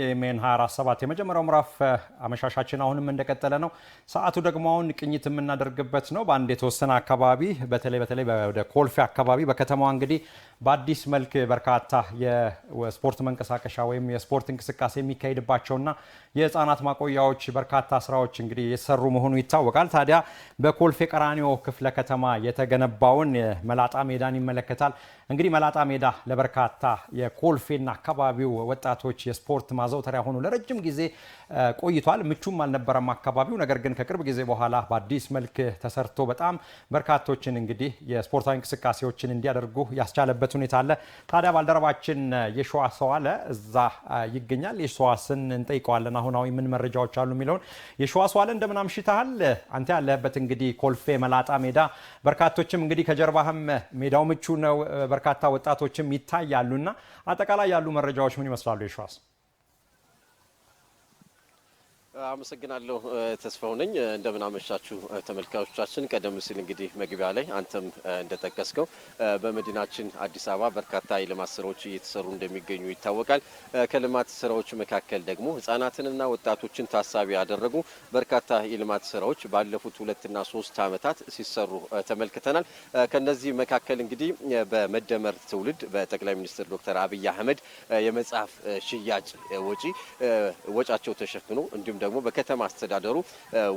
የሜን 247 የመጀመሪያው ምዕራፍ አመሻሻችን አሁንም እንደቀጠለ ነው። ሰዓቱ ደግሞ አሁን ቅኝት የምናደርግበት ነው። በአንድ የተወሰነ አካባቢ በተለይ በተለይ ወደ ኮልፌ አካባቢ በከተማዋ እንግዲህ በአዲስ መልክ በርካታ የስፖርት መንቀሳቀሻ ወይም የስፖርት እንቅስቃሴ የሚካሄድባቸውና የህፃናት ማቆያዎች በርካታ ስራዎች እንግዲህ የተሰሩ መሆኑ ይታወቃል። ታዲያ በኮልፌ ቀራኒዮ ክፍለ ከተማ የተገነባውን መላጣ ሜዳን ይመለከታል። እንግዲህ መላጣ ሜዳ ለበርካታ የኮልፌና አካባቢው ወጣቶች የስፖርት ማዘውተሪያ ሆኖ ለረጅም ጊዜ ቆይቷል። ምቹም አልነበረም አካባቢው። ነገር ግን ከቅርብ ጊዜ በኋላ በአዲስ መልክ ተሰርቶ በጣም በርካቶችን እንግዲህ የስፖርታዊ እንቅስቃሴዎችን እንዲያደርጉ ያስቻለበት ሁኔታ አለ። ታዲያ ባልደረባችን የሸዋስ ዋለ እዛ ይገኛል። የሸዋስን እንጠይቀዋለን። አሁናዊ ምን መረጃዎች አሉ የሚለውን የሸዋስ ዋለ እንደምን አምሽተሃል? አንተ ያለህበት እንግዲህ ኮልፌ መላጣ ሜዳ በርካቶችም እንግዲህ ከጀርባህም ሜዳው ምቹ ነው በርካታ ወጣቶችም ይታያሉና አጠቃላይ ያሉ መረጃዎች ምን ይመስላሉ የሸዋስ? አመሰግናለሁ ተስፋው ነኝ። አመሻችሁ ተመልካቾቻችን። ቀደም ሲል እንግዲህ መግቢያ ላይ አንተም እንደጠቀስከው በመዲናችን አዲስ አበባ በርካታ የልማት ስራዎች እየተሰሩ እንደሚገኙ ይታወቃል። ከልማት ስራዎች መካከል ደግሞ ህጻናትንና ወጣቶችን ታሳቢ ያደረጉ በርካታ የልማት ስራዎች ባለፉት ሁለትና ሶስት አመታት ሲሰሩ ተመልክተናል። ከነዚህ መካከል እንግዲህ በመደመር ትውልድ በጠቅላይ ሚኒስትር ዶክተር አብይ አህመድ የመጽሐፍ ሽያጭ ወጪ ወጫቸው ተሸፍኖ እንዲሁም እንዲሁም ደግሞ በከተማ አስተዳደሩ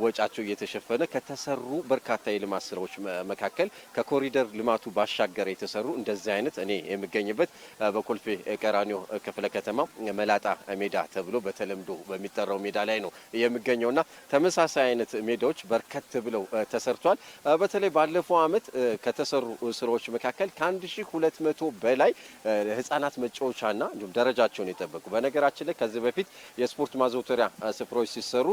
ወጫቸው እየተሸፈነ ከተሰሩ በርካታ የልማት ስራዎች መካከል ከኮሪደር ልማቱ ባሻገር የተሰሩ እንደዚህ አይነት እኔ የሚገኝበት በኮልፌ ቀራኒዮ ክፍለ ከተማ መላጣ ሜዳ ተብሎ በተለምዶ በሚጠራው ሜዳ ላይ ነው የሚገኘውና ተመሳሳይ አይነት ሜዳዎች በርከት ብለው ተሰርቷል። በተለይ ባለፈው አመት ከተሰሩ ስራዎች መካከል ከ1200 በላይ ህጻናት መጫወቻና እንዲሁም ደረጃቸውን የጠበቁ በነገራችን ላይ ከዚህ በፊት የስፖርት ማዘውተሪያ ስፍራዎች ሲሰሩ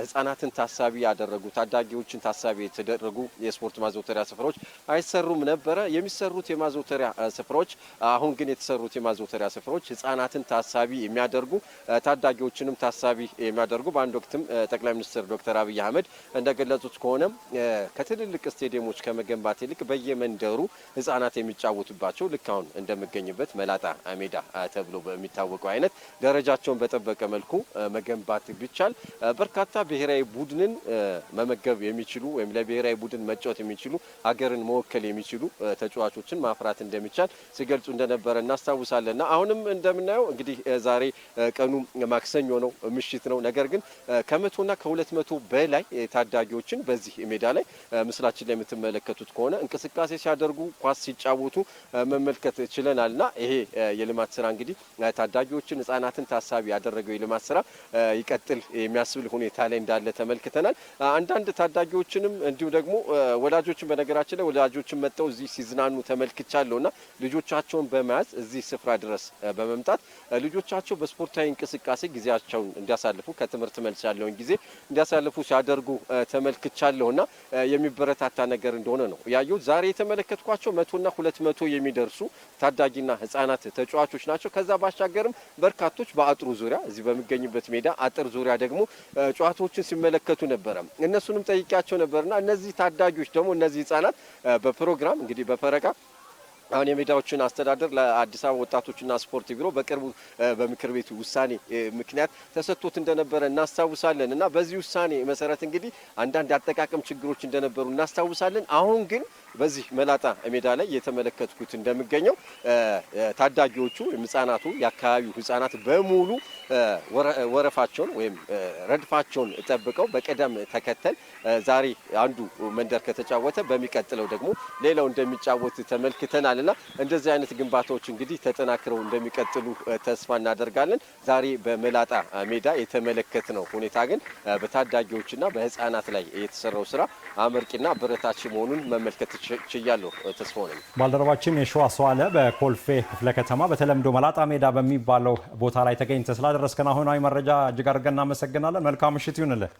ህጻናትን ታሳቢ ያደረጉ ታዳጊዎችን ታሳቢ የተደረጉ የስፖርት ማዘውተሪያ ስፍራዎች አይሰሩም ነበረ። የሚሰሩት የማዘውተሪያ ስፍራዎች አሁን ግን የተሰሩት የማዘውተሪያ ስፍራዎች ህጻናትን ታሳቢ የሚያደርጉ ታዳጊዎችንም ታሳቢ የሚያደርጉ በአንድ ወቅትም ጠቅላይ ሚኒስትር ዶክተር አብይ አህመድ እንደገለጹት ከሆነ ከትልልቅ ስቴዲየሞች ከመገንባት ይልቅ በየመንደሩ ህጻናት የሚጫወቱባቸው ልክ አሁን እንደምገኝበት መላጣ ሜዳ ተብሎ በሚታወቀው አይነት ደረጃቸውን በጠበቀ መልኩ መገንባት ቢቻል በርካታ ብሔራዊ ቡድንን መመገብ የሚችሉ ወይም ለብሔራዊ ቡድን መጫወት የሚችሉ ሀገርን መወከል የሚችሉ ተጫዋቾችን ማፍራት እንደሚቻል ሲገልጹ እንደነበረ እናስታውሳለንና አሁንም እንደምናየው እንግዲህ ዛሬ ቀኑ ማክሰኞ ነው፣ ምሽት ነው። ነገር ግን ከመቶና ከሁለት መቶ በላይ ታዳጊዎችን በዚህ ሜዳ ላይ ምስላችን ላይ የምትመለከቱት ከሆነ እንቅስቃሴ ሲያደርጉ ኳስ ሲጫወቱ መመልከት ችለናል ይሄ የልማት ስራ እንግዲህ ታዳጊዎችን ህጻናትን ታሳቢ ያደረገው የልማት ስራ ይቀጥል እንዲቀጥል የሚያስብል ሁኔታ ላይ እንዳለ ተመልክተናል። አንዳንድ ታዳጊዎችንም እንዲሁም ደግሞ ወላጆችን በነገራችን ላይ ወላጆችን መጠው እዚህ ሲዝናኑ ተመልክቻለሁ እና ልጆቻቸውን በመያዝ እዚህ ስፍራ ድረስ በመምጣት ልጆቻቸው በስፖርታዊ እንቅስቃሴ ጊዜያቸውን እንዲያሳልፉ ከትምህርት መልስ ያለውን ጊዜ እንዲያሳልፉ ሲያደርጉ ተመልክቻለሁ እና የሚበረታታ ነገር እንደሆነ ነው ያየሁት። ዛሬ የተመለከትኳቸው መቶና ሁለት መቶ የሚደርሱ ታዳጊና ህጻናት ተጫዋቾች ናቸው። ከዛ ባሻገርም በርካቶች በአጥሩ ዙሪያ እዚህ በሚገኝበት ሜዳ አጥር ዙሪያ ደግሞ ጨዋታዎችን ሲመለከቱ ነበረ። እነሱንም ጠይቂያቸው ነበርና እነዚህ ታዳጊዎች ደግሞ እነዚህ ህጻናት በፕሮግራም እንግዲህ በፈረቃ አሁን የሜዳዎችን አስተዳደር ለአዲስ አበባ ወጣቶችና ስፖርት ቢሮ በቅርቡ በምክር ቤቱ ውሳኔ ምክንያት ተሰጥቶት እንደነበረ እናስታውሳለን እና በዚህ ውሳኔ መሰረት እንግዲህ አንዳንድ አጠቃቀም ችግሮች እንደነበሩ እናስታውሳለን። አሁን ግን በዚህ መላጣ ሜዳ ላይ እየተመለከትኩት እንደሚገኘው ታዳጊዎቹ ወይም ህጻናቱ የአካባቢው ህጻናት በሙሉ ወረፋቸውን ወይም ረድፋቸውን ጠብቀው በቅደም ተከተል ዛሬ አንዱ መንደር ከተጫወተ በሚቀጥለው ደግሞ ሌላው እንደሚጫወት ተመልክተናል እና እንደዚህ አይነት ግንባታዎች እንግዲህ ተጠናክረው እንደሚቀጥሉ ተስፋ እናደርጋለን። ዛሬ በመላጣ ሜዳ የተመለከት ነው ሁኔታ ግን በታዳጊዎችና በህጻናት ላይ የተሰራው ስራ አመርቂና አበረታች መሆኑን መመልከት ችያለሁ። ተስፎ ነኝ። ባልደረባችን የሸዋ ሰዋለ በኮልፌ ክፍለ ከተማ በተለምዶ መላጣ ሜዳ በሚባለው ቦታ ላይ ተገኝተ ስላደረስከን አሁናዊ መረጃ እጅግ አድርገን እናመሰግናለን። መልካም ምሽት ይሁንልህ።